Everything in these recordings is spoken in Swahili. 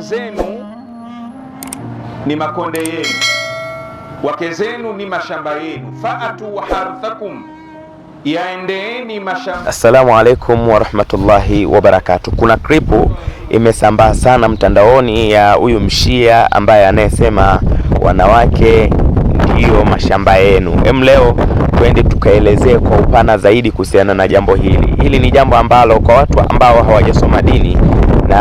zenu ni makonde yenu, wake zenu ni mashamba yenu. faatu harthakum, yaendeeni mashamba. Assalamu alaikum warahmatullahi wabarakatuh. Kuna kripu imesambaa sana mtandaoni ya huyu mshia ambaye anayesema wanawake ndiyo mashamba yenu. Hem, leo twende tukaelezee kwa upana zaidi kuhusiana na jambo hili. Hili ni jambo ambalo kwa watu ambao hawajasoma dini na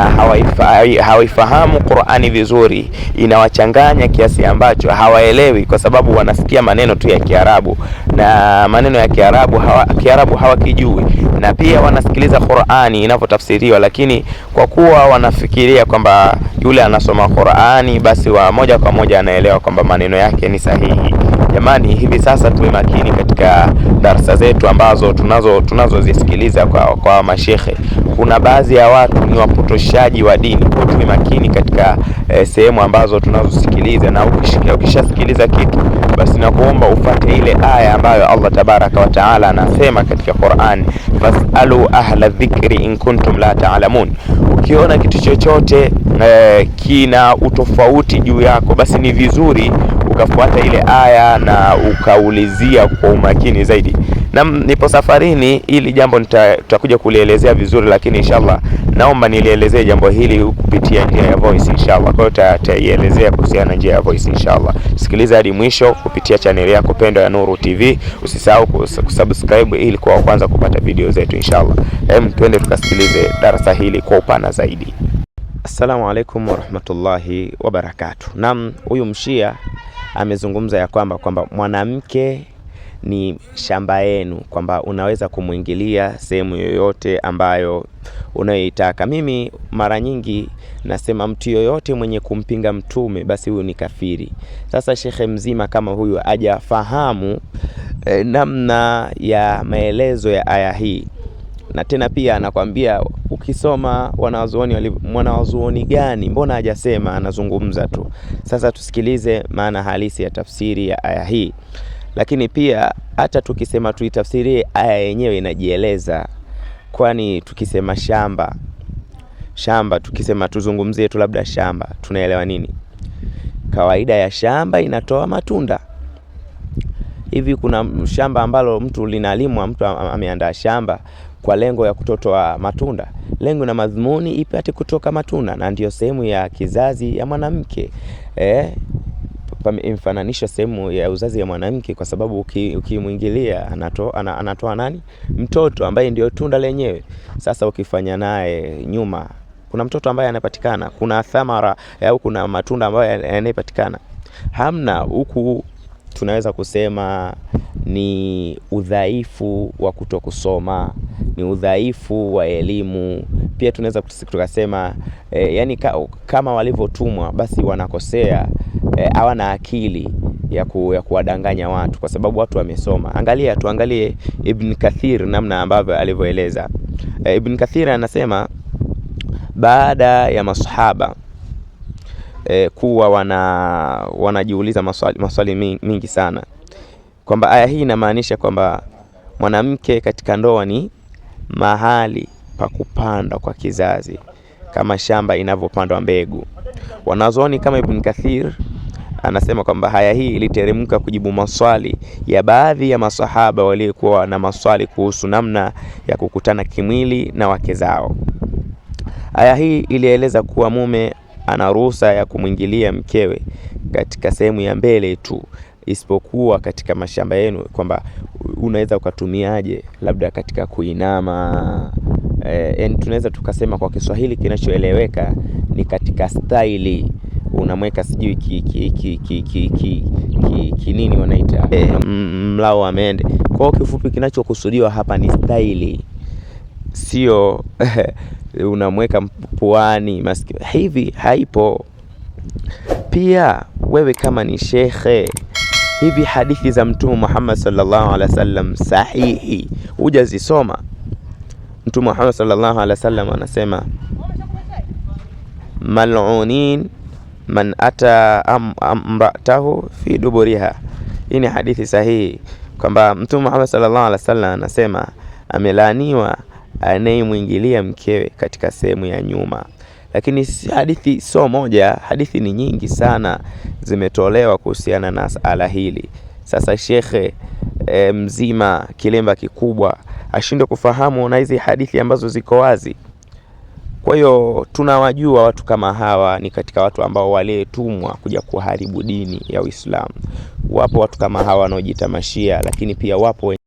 hawaifahamu Qur'ani vizuri, inawachanganya kiasi ambacho hawaelewi, kwa sababu wanasikia maneno tu ya Kiarabu na maneno ya Kiarabu hawa, Kiarabu hawakijui, na pia wanasikiliza Qur'ani inavyotafsiriwa, lakini kwa kuwa wanafikiria kwamba yule anasoma Qur'ani, basi wa moja kwa moja anaelewa kwamba maneno yake ni sahihi. Jamani, hivi sasa tuwe makini katika darsa zetu ambazo tunazo tunazozisikiliza kwa, kwa mashekhe. Kuna baadhi ya watu ni wapotoshaji wa dini, kwa tuwe makini katika e, sehemu ambazo tunazosikiliza, na ukishasikiliza kitu basi nakuomba ufate ile aya ambayo Allah tabaraka wa taala anasema katika Qur'an, fasalu ahla dhikri in kuntum la taalamun. Ukiona kitu chochote e, kina utofauti juu yako, basi ni vizuri ukafuata ile aya na ukaulizia kwa umakini zaidi. Na nipo safarini, ili jambo nitakuja kulielezea vizuri, lakini inshallah naomba nilielezee jambo hili kupitia njia ya voice inshallah. Kwa hiyo tutaielezea kuhusiana na njia ya voice inshallah. Sikiliza hadi mwisho kupitia chaneli yako pendwa ya Nuru TV. Usisahau kusubscribe ili kuwa kwanza kupata video zetu inshallah. Hem, twende tukasikilize darasa hili kwa upana zaidi. Assalamu alaikum warahmatullahi wabarakatuh. Naam, huyu mshia amezungumza ya kwamba kwamba mwanamke ni shamba yenu, kwamba unaweza kumwingilia sehemu yoyote ambayo unayoitaka. Mimi mara nyingi nasema mtu yoyote mwenye kumpinga mtume basi huyu ni kafiri. Sasa shekhe mzima kama huyu hajafahamu eh, namna ya maelezo ya aya hii, na tena pia anakwambia ukisoma wanawazuoni mwanawazuoni gani, mbona hajasema, anazungumza tu. Sasa tusikilize maana halisi ya tafsiri ya aya hii, lakini pia hata tukisema tuitafsirie aya yenyewe inajieleza, kwani tukisema shamba shamba, tukisema tuzungumzie tu labda shamba, tunaelewa nini? Kawaida ya shamba inatoa matunda hivi kuna shamba ambalo mtu linalimwa, mtu ameandaa shamba, kwa lengo ya kutotoa matunda. Lengo na madhumuni ipate kutoka matunda, na ndiyo sehemu ya kizazi ya mwanamke eh, imfananisha sehemu ya uzazi ya mwanamke kwa sababu ukimwingilia uki anatoa ana, anatoa nani mtoto ambaye ndio tunda lenyewe. Sasa ukifanya naye nyuma, kuna mtoto ambaye anapatikana, kuna thamara au kuna matunda ambayo yanayopatikana, hamna huku tunaweza kusema ni udhaifu wa kutokusoma, ni udhaifu wa elimu. Pia tunaweza tukasema e, yani ka, kama walivyotumwa basi wanakosea, eh, hawana akili ya, ku, ya kuwadanganya watu kwa sababu watu wamesoma. Angalia, tuangalie Ibn Kathir namna ambavyo alivyoeleza. E, Ibn Kathir anasema baada ya masahaba e, kuwa wana wanajiuliza maswali, maswali mingi sana kwamba aya hii inamaanisha kwamba mwanamke katika ndoa ni mahali pa kupandwa kwa kizazi kama shamba inavyopandwa mbegu. wanazoni kama Ibn Kathir anasema kwamba haya hii iliteremka kujibu maswali ya baadhi ya masahaba waliokuwa na maswali kuhusu namna ya kukutana kimwili na wake zao. Aya hii ilieleza kuwa mume ana ruhusa ya kumwingilia mkewe katika sehemu ya mbele tu isipokuwa katika mashamba yenu kwamba unaweza ukatumiaje labda katika kuinama e, eh, n tunaweza tukasema kwa Kiswahili kinachoeleweka ni katika staili unamweka sijui ki, ki, ki, ki, ki, ki, ki, ki nini wanaita e, mlao wa mende. Kwa kifupi, kinachokusudiwa hapa ni staili, sio unamweka puani masikio hivi, haipo. Pia wewe kama ni shekhe hivi hadithi za Mtume Muhammad sallallahu alaihi wasallam sahihi hujazisoma? Mtume Muhammad sallallahu alaihi wasallam anasema malunin man ata amratahu am fi duburiha. Hii ni hadithi sahihi kwamba Mtume Muhammad sallallahu alaihi wasallam anasema amelaaniwa anayemwingilia mkewe katika sehemu ya nyuma. Lakini hadithi sio moja, hadithi ni nyingi sana zimetolewa kuhusiana na sala hili. Sasa shekhe e, mzima kilemba kikubwa ashindwe kufahamu na hizi hadithi ambazo ziko wazi. Kwa hiyo tunawajua watu kama hawa ni katika watu ambao waliyetumwa kuja kuharibu dini ya Uislamu. Wapo watu kama hawa wanaojitamashia, lakini pia wapo